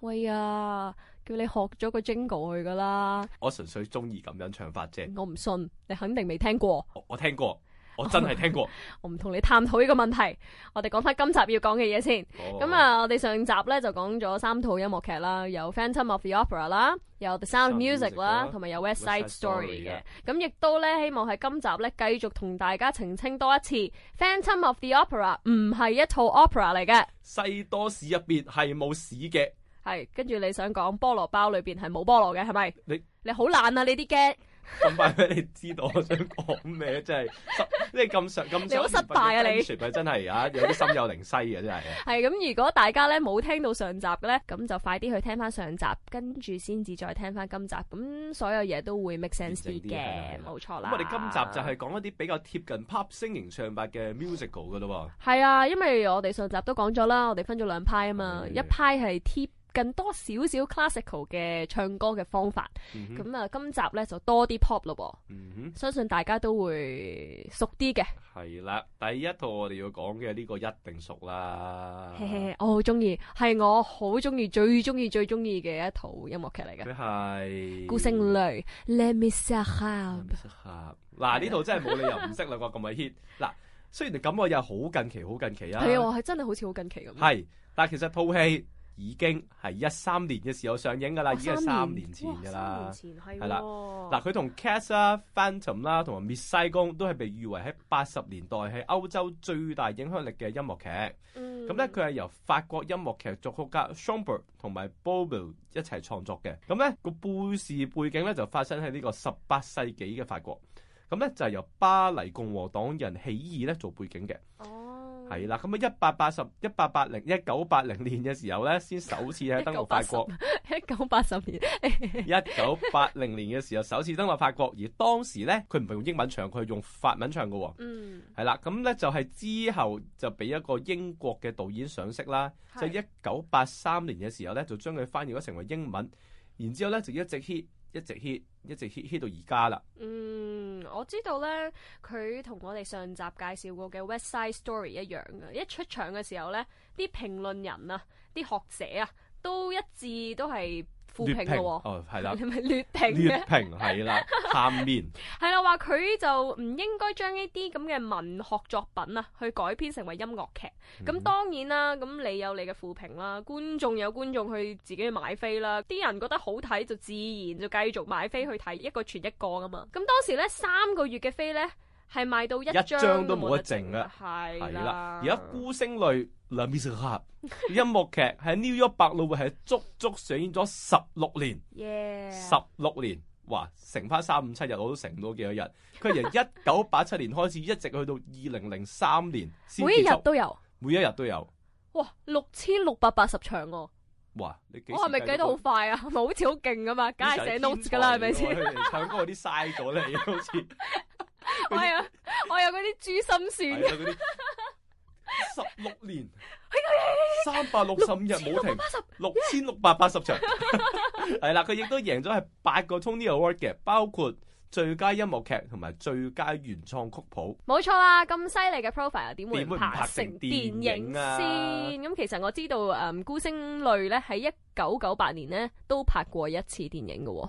喂啊，叫你學咗個 jingle 去㗎啦。我純粹鍾意咁樣唱法啫。我唔信，你肯定未聽過？我，我聽過。我真係聽過，oh，我唔同你探討呢個問題，我哋講翻今集要講嘅嘢先。咁、oh. 啊，我哋上集咧就講咗三套音樂劇啦，有《Phantom of the Opera》啦，有《The Sound of Music》啦， 同埋有《West Side Story, West Side Story》嘅。咁亦都咧，希望喺今集咧繼續同大家澄清多一次，《Phantom of the Opera》唔係一套 opera 嚟嘅。西多士入邊係冇屎嘅，係跟住你想講菠蘿包裏邊係冇菠蘿嘅，係咪？你你好懶啊！你啲 g 咁 快咩？你知道我想講咩？ 真係，你咁上咁好失敗啊！你，你真係啊，有啲心有靈犀呀，真 係。係咁，如果大家咧冇聽到上集嘅咧，咁就快啲去聽翻上集，跟住先至再聽翻今集，咁所有嘢都會 make sense 啲嘅，冇錯啦。我哋今集就係講一啲比較貼近 pop 聲型唱法嘅 musical 噶喎。係啊，因為我哋上集都講咗啦，我哋分咗兩派啊嘛，一派係貼。更多少少 classical 嘅唱歌嘅方法，咁、嗯、啊，今集咧就多啲 pop 咯、嗯，相信大家都會熟啲嘅。係啦，第一套我哋要講嘅呢個一定熟啦，嘿嘿。我好中意，係我好中意、最中意、最中意嘅一套音樂劇嚟嘅。佢係《孤星淚》Le。Les Misérables。s 嗱呢套真係冇理由唔識 啦，我咁咪 hit。嗱，雖然你感覺又好近期，好近期啊。係啊，係真係好似好近期咁。係，但係其實套戲。已經係一三年嘅時候上映㗎啦、啊，已經係三年前㗎啦，係啦。嗱，佢同 Cats、Phantom 啦、啊，同埋 Miss Saigon 都係被譽為喺八十年代係歐洲最大影響力嘅音樂劇。咁、嗯、咧，佢、嗯、係由法國音樂劇作曲家 Schönberg 同埋 Boublil 一齊創作嘅。咁咧，個故事背景咧就發生喺呢個十八世紀嘅法國。咁咧就係、是、由巴黎共和黨人起義咧做背景嘅。哦。係啦，咁啊一八八十一八八零一九八零年嘅時候咧，先首次喺登陸法國。一九八十年。一九八零年嘅時候，首次登陸法國，而當時咧，佢唔係用英文唱，佢係用法文唱嘅喎、哦。嗯。係啦，咁咧就係之後就俾一個英國嘅導演賞識啦，即係一九八三年嘅時候咧，就將佢翻譯咗成為英文，然之後咧就一直 hit。一直 hit 一直 hit hit 到而家啦。嗯，我知道咧，佢同我哋上集介紹過嘅 West Side Story 一樣嘅、啊，一出場嘅時候咧，啲評論人啊，啲學者啊，都一致都係。負評嘅喎，哦係啦，你係咪劣評嘅，劣評係啦，片面係啦，話 佢就唔應該將呢啲咁嘅文學作品啊，去改編成為音樂劇。咁、嗯、當然啦，咁你有你嘅負評啦，觀眾有觀眾去自己去買飛啦，啲人覺得好睇就自然就繼續買飛去睇一個傳一個啊嘛。咁當時咧三個月嘅飛咧。係賣到一張都冇得剩啦，係啦。而家孤星淚、Les Misérables 音樂劇喺 New York 百老匯，係 足足上演咗十六年，十、yeah. 六年哇，成翻三五七日我都成唔到幾多日。佢由一九八七年開始，一直去到二零零三年， 每一日都有，每一日都有。哇，六千六百八十場哦、啊！哇，我係咪計得好快啊？好似好勁啊嘛，梗係寫 notes 噶啦，係咪先？佢哋唱歌啲嘥咗咧，好似。 我有，我有嗰啲珠心算。 十六年，三百六十五日冇停，六千六百八十，六千六百八十場。係啦，佢亦都贏咗係八個 Tony Award 嘅，包括最佳音樂劇同埋最佳原創曲譜。冇錯啦，咁犀利嘅 profile 又點會唔拍成電影先，啊？咁、啊、其實我知道誒、嗯，孤星淚咧喺一九九八年咧都拍過一次電影噶，哦。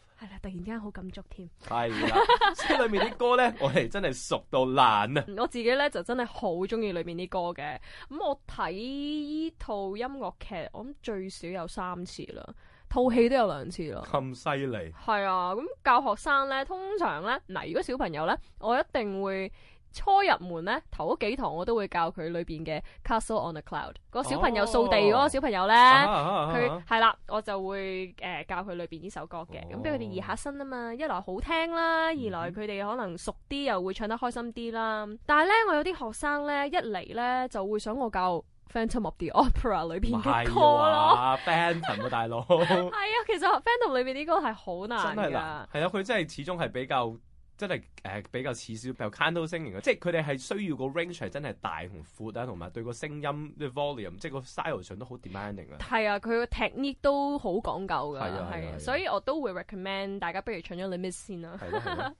係啦，突然間好感觸添。係啦， 所以裏面啲歌咧，我係真係熟到爛啊！我自己咧就真係好中意裏面啲歌嘅。咁我睇依套音樂劇，我諗最少有三次啦，套戲都有兩次啦。咁犀利？係啊，咁教學生咧，通常咧，嗱，如果小朋友咧，我一定會。初入門咧，頭嗰幾堂我都會教佢裏邊嘅 Castle on the Cloud 個小朋友掃地嗰個小朋友咧，佢係啦，我就會誒、呃、教佢裏邊呢首歌嘅，咁俾佢哋移下身啊嘛，一來好聽啦，二來佢哋可能熟啲又會唱得開心啲啦。Mm -hmm. 但係咧，我有啲學生咧一嚟咧就會想我教 Phantom of the Opera 裏邊嘅歌咯。 Phantom 啊大佬，係 啊,其實 Phantom 裏邊啲歌係好難噶,係啊,佢真係始終係比較。真係誒、呃、比較似小比較 canto 聲型嘅，即係佢哋係需要個 range 係真係大同闊啊，同埋對個聲音啲 volume，即係個 style 上都好 demanding 嘅。係啊，佢嘅 technique 都好講究㗎，係啊，啊，啊，所以我都會 recommend 大家不如唱咗、啊《Les Mis 先啦。咁、啊、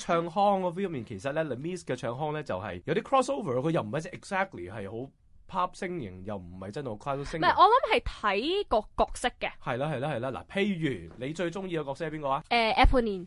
唱腔個 view 面其實咧，《Les Mis 嘅唱腔咧就係有啲 crossover，佢又唔係 exactly 係好 pop 聲型，又唔係真係好 canto 聲。唔係，我諗係睇個角色嘅。係啦、啊，係啦、啊，係啦、啊。嗱、啊，譬如你最中意嘅角色係邊個啊？誒、uh,，Eponine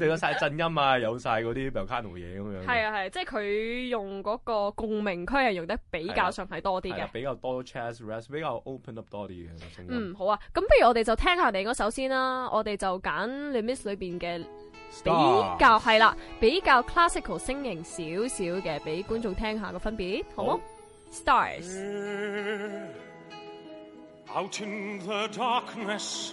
即晒震音啊， 有晒嗰啲 bass e 嘅嘢咁樣。係啊係、啊，即係佢用嗰個共鳴區係用得比較上係多啲嘅、啊啊。比較多 chess rest，比較 open up 多啲嘅、啊、嗯，好啊，咁不如我哋就聽下你嗰首先啦，我哋就揀 limit 裏邊嘅比較係啦、啊，比較 classical 聲型少少嘅，俾觀眾聽下個分別，好唔好？Stars out in the darkness.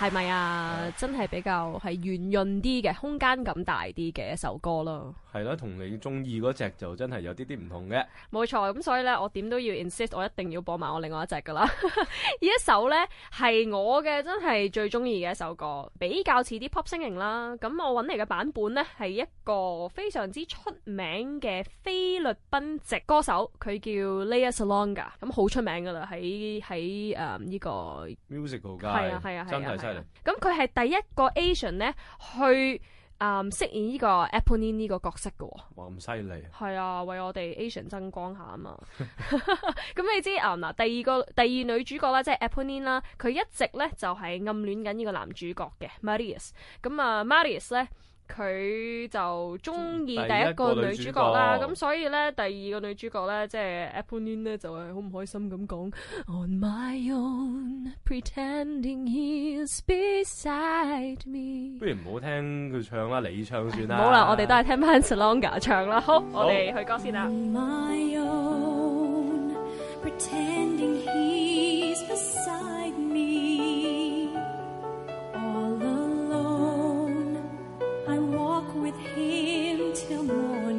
係咪啊？Yeah. 真係比較係圓潤啲嘅，空間感大啲嘅一首歌咯。係咯、啊，同你中意嗰隻就真係有啲啲唔同嘅。冇錯，咁所以咧，我點都要 insist，我一定要播埋我另外一隻噶啦。呢 一首咧係我嘅真係最中意嘅一首歌，比較似啲 pop singing 啦。咁我揾嚟嘅版本咧係一個非常之出名嘅菲律賓籍歌手，佢叫 Lea Salonga，咁、嗯、好出名噶啦，喺喺誒呢個 musical 界啊係啊係啊！是啊是啊是啊真的是咁佢係第一個 Asian 咧去啊飾、呃、演呢個 Eponine 呢個角色嘅、哦，哇咁犀利！係啊，為我哋 Asian 增光下啊嘛！咁 你知啊嗱、嗯，第二個第二女主角啦，即、就、係、是、Eponine 啦，佢一直咧就係、是、暗戀緊呢個男主角嘅 Marius。咁啊、uh，Marius 咧。佢就中意第一個女主角啦，咁所以咧第二個女主角咧即係 Eponine 咧就係好唔開心咁講。不如唔好聽佢唱啦，你唱算啦。冇啦，我哋都係聽 Lea Salonga 唱啦。好，我哋去歌先啦。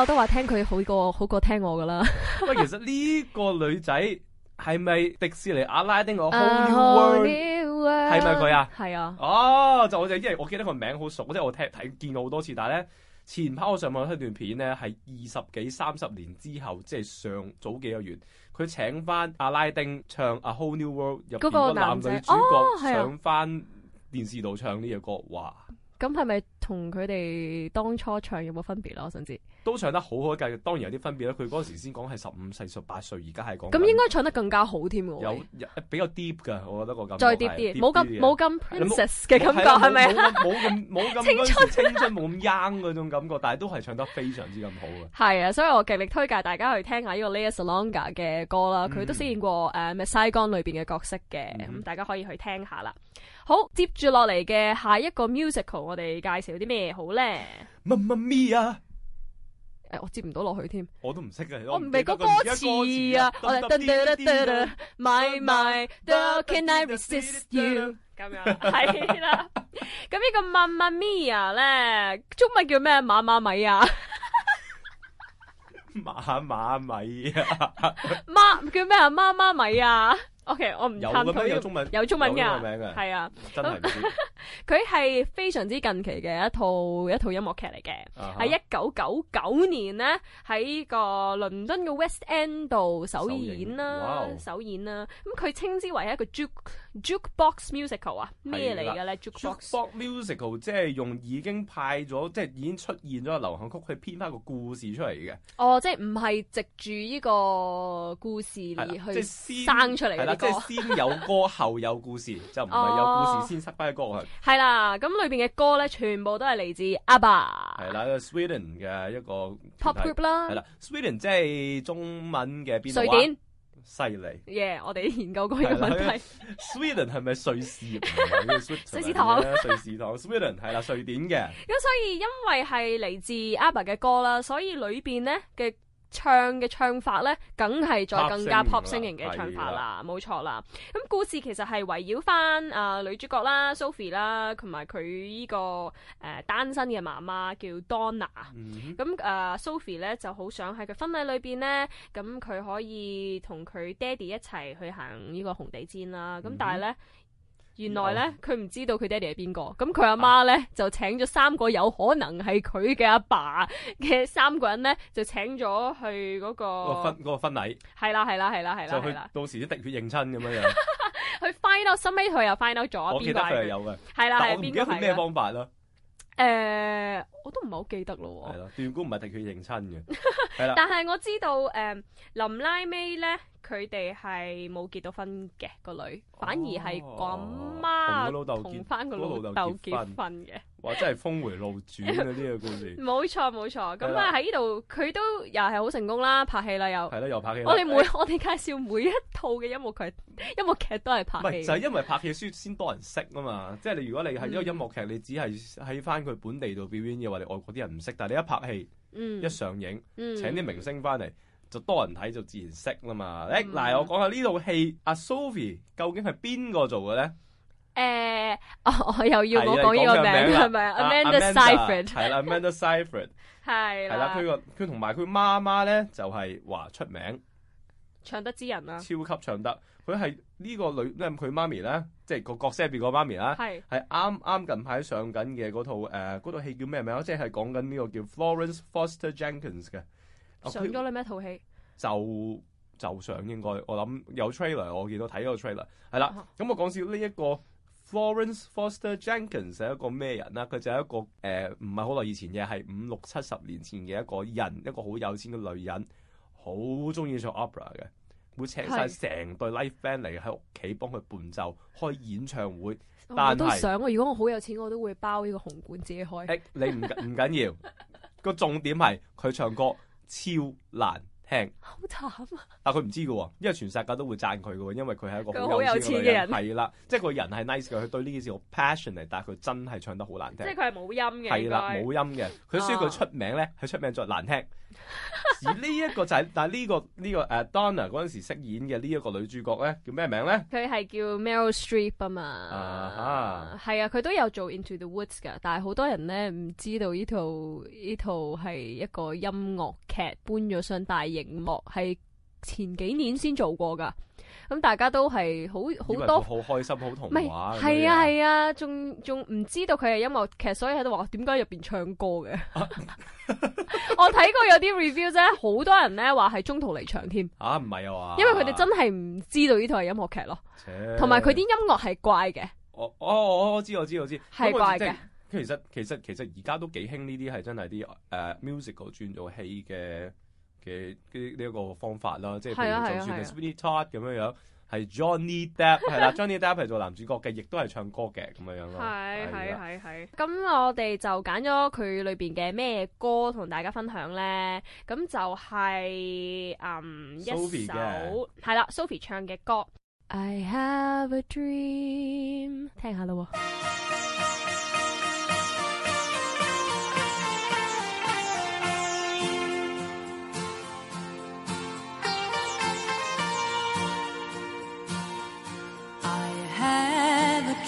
我都話聽佢好過好過聽我噶啦。喂，其實呢個女仔係咪迪士尼阿拉丁個《A Whole New World》係咪佢啊？係啊。哦，就我哋因為我記得個名好熟，即係我聽睇見過好多次。但係咧前排我上網睇段片咧，係二十幾三十年之後，即、就、係、是、上早幾個月，佢請翻阿拉丁唱《A Whole New World》入邊個男女主角、哦啊、上翻電視度唱呢個歌。哇！咁係咪同佢哋當初唱有冇分別咧？我想知。都唱得好好計，當然有啲分別啦。佢嗰時先講係十五四十八歲，而家係講咁應該唱得更加好添嘅、欸，有，有比較 deep 嘅，我覺得個感覺再 deep 啲，冇咁冇咁 princess 嘅感覺係咪？冇咁冇咁青春冇咁 young 嗰種感覺，但係都係唱得非常之咁好嘅。係啊，所以我極力推介大家去聽下呢個 Lea Salonga 嘅歌啦。佢都飾演過誒《咩、uh, 西貢》裏邊嘅角色嘅，咁、mm -hmm. 大家可以去聽一下啦。好，接住落嚟嘅下一個 musical，我哋介紹啲咩好咧，乜乜 m m 啊！Ma -ma -mia, 誒、哎，我接唔到落去添，我都唔識嘅，我唔明個歌詞啊，我哋噔噔噔噔，my my，can I resist you？咁樣係啦，咁 呢個馬馬 mia 咧，中文叫咩？馬馬米啊，馬 馬米啊，媽 叫咩啊？媽媽米啊？ O.K. 我唔撐佢。有中文，有中文嘅，係啊，真係唔知。佢係非常之近期嘅一套一套音樂劇嚟嘅，喺一九九九年咧，喺個倫敦嘅 West End 度首演啦，首演啦。咁佢稱之為係一個朱。Jukebox musical 啊，咩嚟嘅咧？Jukebox、Jukbox、musical 即係用已經派咗，即、就、係、是、已經出現咗流行曲去編翻個故事出嚟嘅。哦，即係唔係藉住呢個故事嚟去生出嚟嘅歌。即係先有歌，後有故事， 就唔係有故事先塞翻歌去。係、哦、啦，咁裏邊嘅歌咧，全部都係嚟自阿爸。係啦，Sweden 嘅一個 pop group 啦。係啦，Sweden 即係中文嘅邊、啊、瑞典。犀利，耶、yeah！我哋研究過呢個問題。 Sweden 係咪瑞士堂？ 瑞士糖， 瑞士糖堂。 Sweden 係啦，瑞典嘅。咁所以因為係嚟自 ABBA 嘅歌啦，所以裏邊咧嘅。唱嘅唱法咧，梗係再更加 pop 星型嘅唱法啦，冇錯啦。咁故事其實係圍繞翻啊、呃、女主角啦，Sophie 啦，同埋佢依個誒、呃、單身嘅媽媽叫 Donna、嗯。咁誒、呃、Sophie 咧就好想喺佢婚禮裏邊咧，咁佢可以同佢爹哋一齊去行呢個紅地毯啦。咁但係咧。嗯原來咧，佢唔知道佢爹哋係邊個，咁佢阿媽咧就請咗三個有可能係佢嘅阿爸嘅三個人咧，就請咗去嗰、嗰個嗰個婚嗰個婚禮。係啦係啦係啦係啦，就去到時滴血認親咁樣樣。去 find out，收尾佢又 find out 咗邊個係啦係啦，唔記得咩方法啦。誒、uh，我都唔係好記得咯喎。係斷估唔係定佢認親嘅。啦， 但係我知道誒，uh, 林拉尾咧，佢哋係冇結到婚嘅個女，oh, 反而係個媽同翻個老豆結，結婚嘅。哇！真係峰回路轉嘅呢個故事。冇錯冇錯，咁啊喺呢度佢都又係好成功啦，拍戲啦又。係啦，又拍戲。我哋每、欸、我哋介紹每一套嘅音樂劇， 音樂劇都係拍戲。就係、唔係、因為拍戲先多人識啊嘛！嗯、即係你如果你係一個音樂劇，你只係喺翻佢本地度表演嘅話，你外國啲人唔識。但係你一拍戲、嗯，一上映，嗯、請啲明星翻嚟，就多人睇，就自然識啦嘛！誒、嗯，嗱，我講下呢套戲阿 Sophie 究竟係邊個做嘅咧？誒、欸，我我又要我講呢個名係咪啊？Amanda Seyfried 係啦，Amanda Seyfried 係啦。佢個佢同埋佢媽媽咧就係、是、話出名，唱得之人啦、啊，超級唱得。佢係呢個女，咁佢媽咪咧，即係、這個角色入邊個媽咪啦，係係啱啱近排上緊嘅嗰套誒，嗰套戲叫咩名即係講緊呢個叫 Florence Foster Jenkins 嘅。上咗你咩套戲？就就上應該，我諗有 trailer，我見到睇咗 trailer，係啦。咁、啊、我講少呢一、這個。Florence Foster Jenkins 係一個咩人啦、啊？佢就係一個誒，唔係好耐以前嘅，係五六七十年前嘅一個人，一個好有錢嘅女人，好中意唱 opera 嘅，會請晒成隊 live band 嚟喺屋企幫佢伴奏開演唱會。哦、但係我都想喎、啊，如果我好有錢，我都會包呢個紅館自己開。你唔唔緊要，個 重點係佢唱歌超難。好慘啊！但佢唔知噶，因為全世界都會讚佢噶，因為佢係一個好有錢嘅人。係啦， 即係個人係 nice 嘅，佢對呢件事好 passionate，但係佢真係唱得好難聽。即係佢係冇音嘅。係啦，冇音嘅。佢需要佢出名咧，佢、啊、出名在難聽。呢 一、這個就係，但係、這、呢個呢、這個誒 Donna 嗰陣時飾演嘅呢一個女主角咧，叫咩名咧？佢係叫 Meryl Streep 啊嘛，係、uh、啊 -huh，佢都有做 Into the Woods 噶，但係好多人咧唔知道呢套呢套係一個音樂劇搬咗上大熒幕，係前幾年先做過噶。咁大家都係好好多，好開心，好童話。係啊係啊，仲仲唔知道佢係音樂劇，所以喺度話點解入面唱歌嘅？啊、 我睇過有啲 review 啫，好多人咧話係中途離場添。啊，唔係啊，因為佢哋真係唔知道呢套係音樂劇咯。同埋佢啲音樂係怪嘅。我哦我，我，我知我知我知，係怪嘅。其實其實其實而家都幾興呢啲係真係啲、uh, musical 轉做戲嘅。嘅呢呢一個方法啦，即、就、係、是、就算係 Sweeney Todd 咁樣樣，係 Johnny Depp 係啦，Johnny Depp 係做男主角嘅，亦都係唱歌嘅咁樣樣咯。係係係係。咁我哋就揀咗佢裏邊嘅咩歌同大家分享咧？咁就係、是、嗯 Sophie 嘅一首係啦，Sophie 唱嘅歌。I have a dream，聽下啦喎。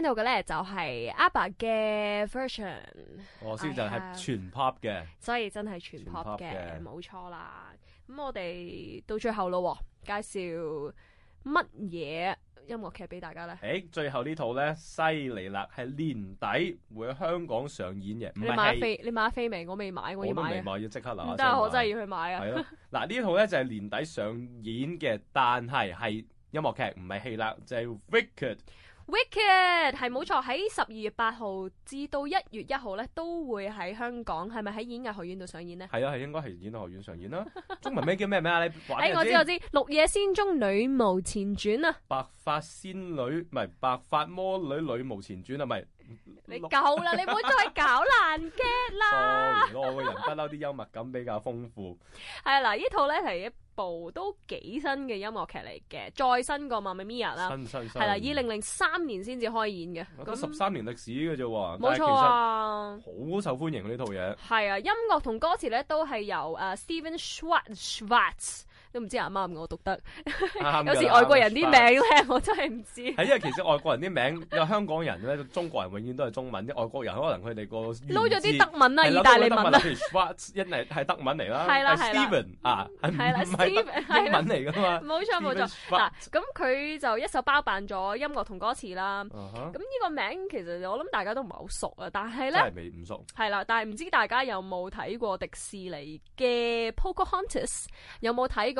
到的呢到嘅咧就係阿爸嘅 version，我呢就係全 pop 嘅，哎，所以真係全 pop 嘅，冇錯啦。咁我哋到最後咯，介紹乜嘢音樂劇俾大家咧？誒、欸，最後這套呢套咧犀利啦，係年底會喺香港上演嘅。你買飛？你買飛未？我未買，我要買。我都未買，要即刻拿。但我真係要去買啊！嗱 ，套呢套咧就係、是、年底上演嘅，但係係音樂劇，唔係戲啦，就係、是、Wicked Wicked，係冇錯，喺十二月八號至到一月一號咧，都會喺香港係咪喺演藝學院度上演咧？係啊，係應該係演藝學院上演啦。中文名叫咩名啊？誒，我知我知，《綠野仙蹤女巫前傳》啊，《白髮仙女》唔係《白髮魔女女巫前傳》啊，咪你夠啦，你唔好再搞爛嘅啦。錯，我個人不嬲啲幽默感比較豐富。係啊，嗱，呢套咧係。都幾新嘅音樂劇嚟嘅，再新過《Mamma Mia》啦，新，係啦，二零零三年先至開演嘅，得十三年歷史嘅啫喎，冇錯啊，好受歡迎呢套嘢，係啊，啊，音樂同歌詞咧都係由誒、uh, Steven Schwartz。都唔知阿啱唔我,我,我讀得，有時外國人啲名咧，我真係唔知。係因為其實外國人啲名，有香港人咧，中國人永遠都係中文，啲外國人可能佢哋個。撈咗啲德文啊，意大利文啊。譬如係德文嚟啦，係 Steven 啊，係唔係德文嚟㗎嘛？冇錯冇錯嗱咁佢就一手包辦咗音樂同歌詞啦。咁、uh、呢 -huh. 個名其實我諗大家都唔係好熟啊，但係咧真係唔熟，係啦，但係唔知大家有冇睇過迪士尼嘅《Pocahontas》？有冇睇過。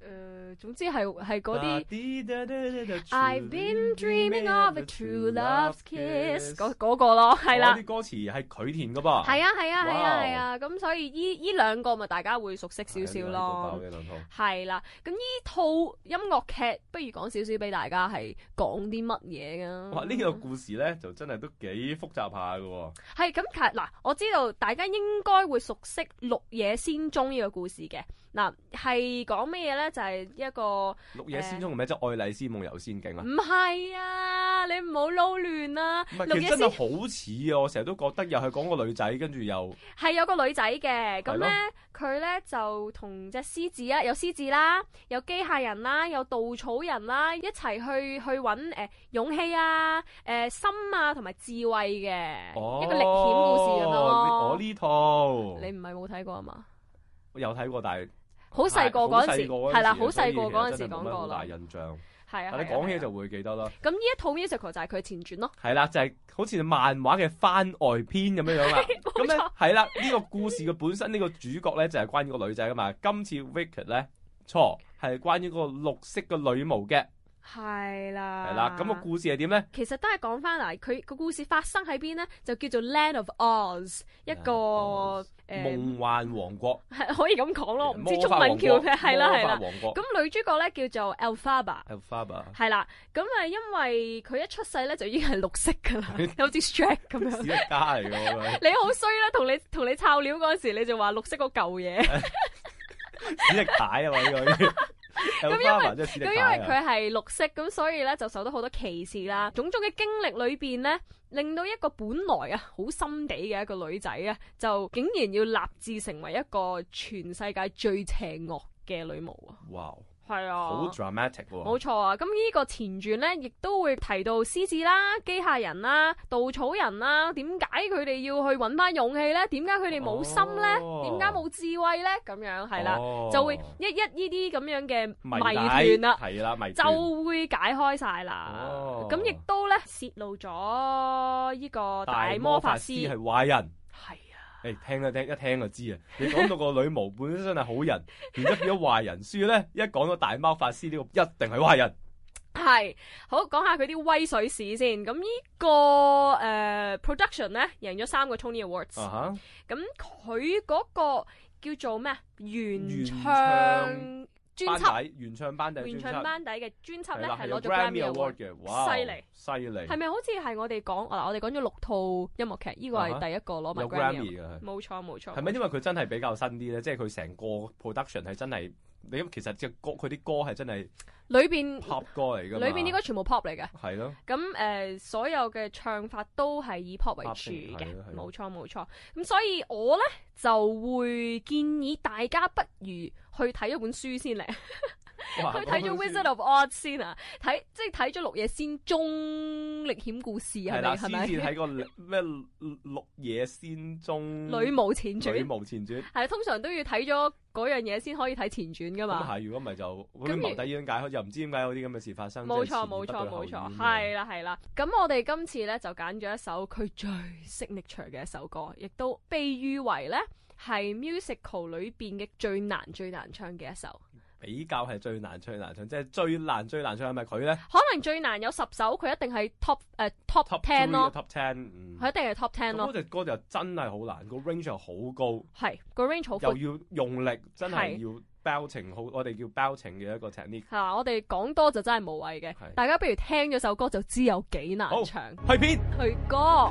誒、呃，總之係係嗰啲，I've been dreaming of a true love's kiss，嗰嗰、 嗰個咯，係啦。哦、啲歌詞係佢填噶噃，係啊係啊係啊係啊，咁、啊 wow 啊、所以依依兩個咪大家會熟悉少少咯。係啦，咁 依樂、 啊、套音樂劇不如講少少俾大家係講啲乜嘢噶。哇，呢、呢個故事咧就真係都幾複雜下噶。係咁，嗱，我知道大家應該會熟悉綠野仙蹤呢個故事嘅，嗱係講咩嘢咧？就係、是、一個綠野仙蹤嘅咩？即、欸、係愛麗絲夢遊仙境啊！唔係啊，你唔好撈亂啦！其實真係好似啊， 我成日都覺得又係講個女仔，跟住又係有個女仔嘅。咁咧，佢咧就同隻獅子啊，有獅子啦，有機械人啦，有稻草人啦，一齊去去搵誒、呃、勇氣啊，誒、呃、心啊，同埋智慧嘅、哦、一個歷險故事咯。我呢套你唔係冇睇過啊嘛？我有睇過，但係。好細個嗰陣時，係啦，好細個嗰陣時講過啦。大印象，係啊，你講起就會記得啦。咁呢一套《Musical》就係佢前傳咯。係啦，就係、係、好似漫畫嘅番外篇咁樣樣啦。咁咧係啦，呢、呢個故事嘅本身呢、呢個主角咧就係、係、關於個女仔㗎嘛。今次呢《Wicked 》咧錯係關於個綠色嘅女巫嘅。係啦，係啦，咁、那個故事係點咧？其實都係講翻嚟，佢個故事發生喺邊咧，就叫做 Land of Oz yeah, 一個夢、呃、幻王國，係可以咁講咯，唔知中文叫咩，係啦係啦。咁女主角咧叫做 Alphaba，Alphaba 係啦，咁啊因為佢一出世咧就已經係綠色噶啦， 好似 Shrek 咁樣，史力加嚟㗎， 你好衰啦，同你同你抄料嗰時你就話綠色嗰舊嘢，史力加啊嘛呢、這個。 咁 因為咁因為佢係綠色，咁所以呢，就受到好多歧視啦。種種嘅經歷裏邊呢，令到一個本來啊好心地嘅一個女仔啊，就竟然要立志成為一個全世界最邪惡嘅女巫啊！Wow 係啊，好 dramatic 冇錯啊。咁呢個前傳咧，亦都會提到獅子啦、機械人啦、稻草人啦。點解佢哋要去揾翻勇氣咧？點解佢哋冇心咧？點解冇智慧咧？咁樣係啦，就會一一呢啲咁樣嘅謎團啦，係啦謎就會解開晒啦。咁亦都咧泄露咗呢個大魔法師係壞人。欸、聽一聽，一聽就知啊！你講到個女巫本身係好人， 而家變咗壞人，書咧一講到大貓法師呢個一定係壞人。係，好講下佢啲威水史先。咁、這個呃、呢個誒 production 咧，贏咗三個 Tony Awards。啊咁佢嗰個叫做咩啊？原唱。專輯原唱班底，原唱班底嘅專輯咧係攞咗 Grammy Award 嘅，哇！犀利，犀利。係咪好似係我哋講嗱？我哋講咗六套音樂劇，呢個係第一個攞埋 Grammy 嘅，uh-huh，冇錯冇錯。係咪因為佢真係比較新啲咧？即係佢成個 production 係真係。你咁，其實隻歌佢啲歌係真係裏邊 pop 歌嚟嘅，裏邊應該全部 pop 嚟嘅，係咯。咁誒、呃，所有嘅唱法都係以 pop 為主嘅，冇錯冇錯。咁所以我咧就會建議大家不如去睇一本書先嚟。 佢睇咗 Wizard of Oz 先啊，睇即係睇咗綠野仙蹤歷險故事係啦，係咪、啊啊？先至睇過咩綠野仙蹤。女 巫前傳。女巫前傳。係、啊、通常都要睇咗嗰樣嘢先可以睇前傳噶嘛。係，如果唔係就咁無底淵解開就唔知點解有啲咁嘅事發生。冇錯，冇、就、錯、是，冇錯，係啦、啊，係啦、啊。咁、啊、我哋今次咧就揀咗一首佢最 signature 嘅一首歌，亦都被譽為咧係 musical 裏邊嘅最難最難唱嘅一首。比較係最難唱，最難唱，即係最難最難唱係咪佢咧？可能最難有十首，佢一定係 top 誒、uh, top ten 咯，top ten，佢、嗯、一定係 top ten 咯。嗰隻歌就真係好難，個 range 又好高，係個 range 好高，又要用力，真係要 belting，好我哋叫 belting 嘅一個 technique 吓，我哋講多就真係無謂嘅，大家不如聽咗首歌就知有幾難唱。去片去歌。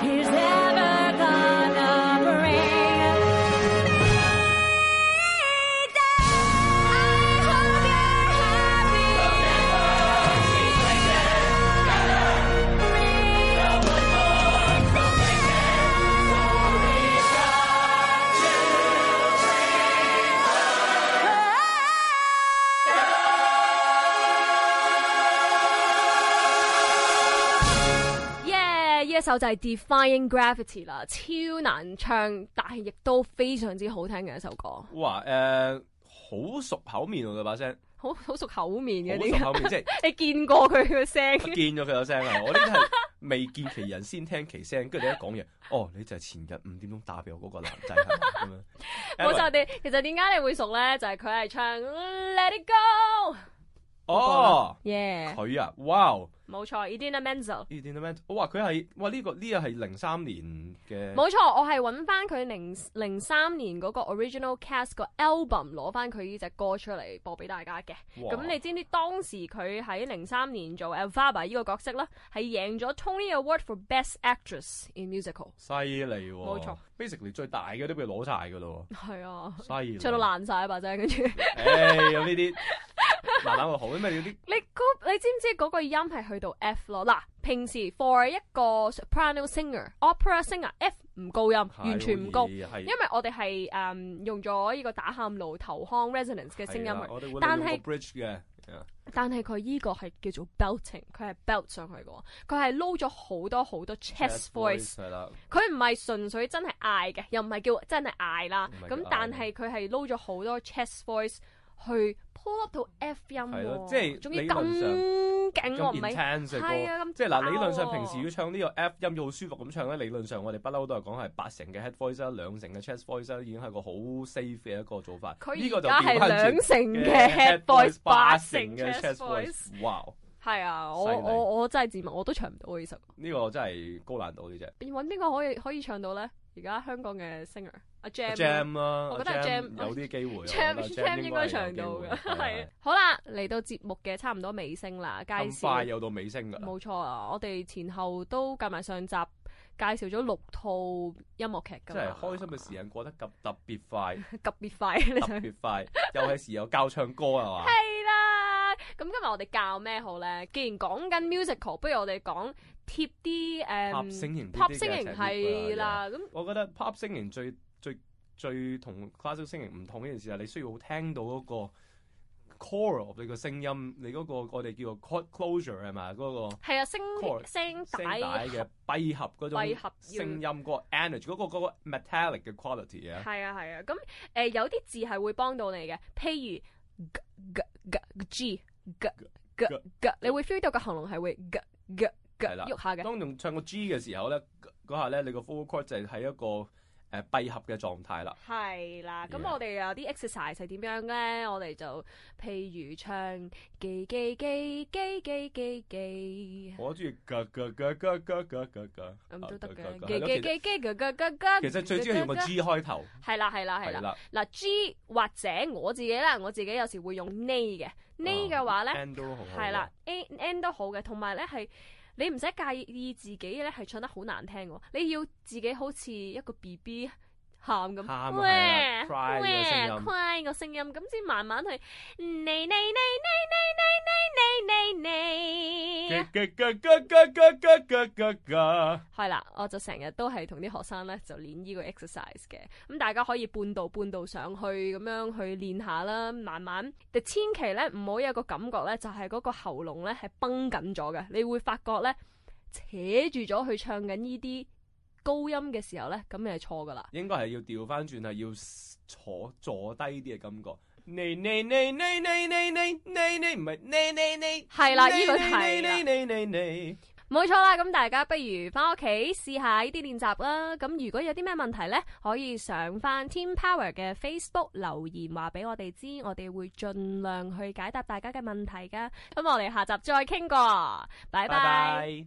一首就係 Defying Gravity 啦，超難唱，但係亦都非常之好聽嘅一首歌。哇，誒、呃，好熟口面喎，佢把聲，好好熟口面嘅、啊、你熟口面即係、 就是、你見過佢嘅聲？見咗佢個聲啊！ 我呢啲係未見其人先聽其聲，跟住你一講嘢， 哦，你就係前日五點鐘打俾我嗰個男仔係嘛？冇錯啲，anyway, 其實點解你會熟咧？就係佢係唱 Let It Go、oh。哦耶！佢啊，哇、wow！冇錯，Edina Menzel，Edina Menzel，我話佢係，哇呢、這個呢係零三年嘅。冇錯，我係揾翻佢零零三年嗰個 original cast 個 album，攞翻佢呢隻歌出嚟播俾大家嘅。咁你知唔知當時佢喺零三年做 Elphaba 呢個角色咧，係贏咗 Tony Award for Best Actress in Musical。犀利喎！冇錯，Basically 最大嘅都俾佢攞晒噶咯喎。係啊，犀利，唱到爛晒啊！真係跟住。誒、哎，有呢啲麻麻個好，有啲你這你，你知唔知嗰個音係去。到 F 咯嗱，平時 for 一個 soprano singer、opera singer，F 唔高音，完全唔高，因為我哋係誒用咗呢個打喊露、頭腔 resonance 嘅聲音是的的。但係我哋會用 bridge 嘅，yeah. 但係佢依個係叫做 belting，佢係 belt 上去嘅，佢係撈咗好多好多 chest voice, chest voice。係啦，佢唔係純粹真係嗌嘅，又唔係叫真係嗌啦。咁、嗯、但係佢係撈咗好多 chest voice。去 pull up 到 F 音，哦，係咯，即係理論上，咁勁，咁 intense，係啊，即係嗱，就是、理論上平時要唱呢個 F 音要好舒服咁唱咧，理論上我哋不嬲都係講係八成嘅 head voice，兩成嘅 chest voice 已經係個好 safe 嘅一個做法。佢而家就係兩成嘅 head voice，八成嘅 chest voice，哇！係啊，我我我真係自問我都唱唔到，其實呢個真係高難度嘅啫，要揾邊個可以可以唱到咧？而家香港嘅 singer 阿 Jam Jam 啊，我覺得阿 Jam, Jam 有啲機會、啊、阿，Jam 阿 Jam, 阿 Jam, 阿 Jam, 應該有機會 Jam 應該唱到嘅，係好啦，嚟到節目嘅差唔多尾聲啦，介紹快有到尾聲啦。冇錯啊，我哋前後都夾埋上集介紹咗六套音樂劇咁真係開心嘅時間過得咁特, 特別快，特別快，特別快，又係時候教唱歌啊係嘛？係 啦，咁今日我哋教咩好咧？既然講緊 musical，不如我哋講。貼啲誒 pop 聲型，pop 聲型係啦。咁我覺得 pop 聲型最最最同 classical 聲型唔同一件事係，你需要好聽到嗰個 choral 你個聲音，你嗰個我哋叫做 closure 係嘛嗰個係啊聲聲帶嘅閉合嗰種聲音嗰個 energy 嗰個嗰個 metallic 嘅 quality 啊。係啊係啊，咁誒有啲字係會幫到你嘅，譬如 g g g g g g，你會 feel 到個喉嚨係會 g g。喐下嘅。當用唱個 G 嘅時候咧，嗰下咧你個 four chord 就係一個誒閉合嘅狀態啦。係啦，咁我哋有啲 exercise 係點樣咧？我哋就譬如唱 G G G G G G G。我中意 G G G G G G G 咁都得嘅。G G G G G G G。其實最主要用個 G 開頭。係啦，係啦，係啦。嗱，G 或者我自己咧，我自己有時會用、嗯、N 嘅 N 嘅話咧，係啦，A N 都好嘅，同埋咧係。你唔使介意自己咧係唱得好難聽，你要自己好似一個 B B。喊咁，哇 cry 個聲音，咁先慢慢去，嚟嚟係啦，我就成日都係同啲學生咧就練呢個 exercise 嘅，咁大家可以半度半度上去咁樣去練下啦，慢慢，但千祈咧唔好有個感覺咧就係嗰個喉嚨咧係繃緊咗嘅，你會發覺咧扯住咗去唱緊呢啲。高音嘅時候咧，咁你係錯噶啦，應該係要調翻轉，係要坐坐低啲嘅感覺。係啦，呢個係啦，冇錯啦。咁大家不如翻屋企試下呢啲練習啦。咁如果有啲咩問題咧，可以上翻 Team Power 嘅 Facebook 留言話俾我哋知，我哋會盡量去解答大家嘅問題噶。咁我哋下集再傾過，拜拜。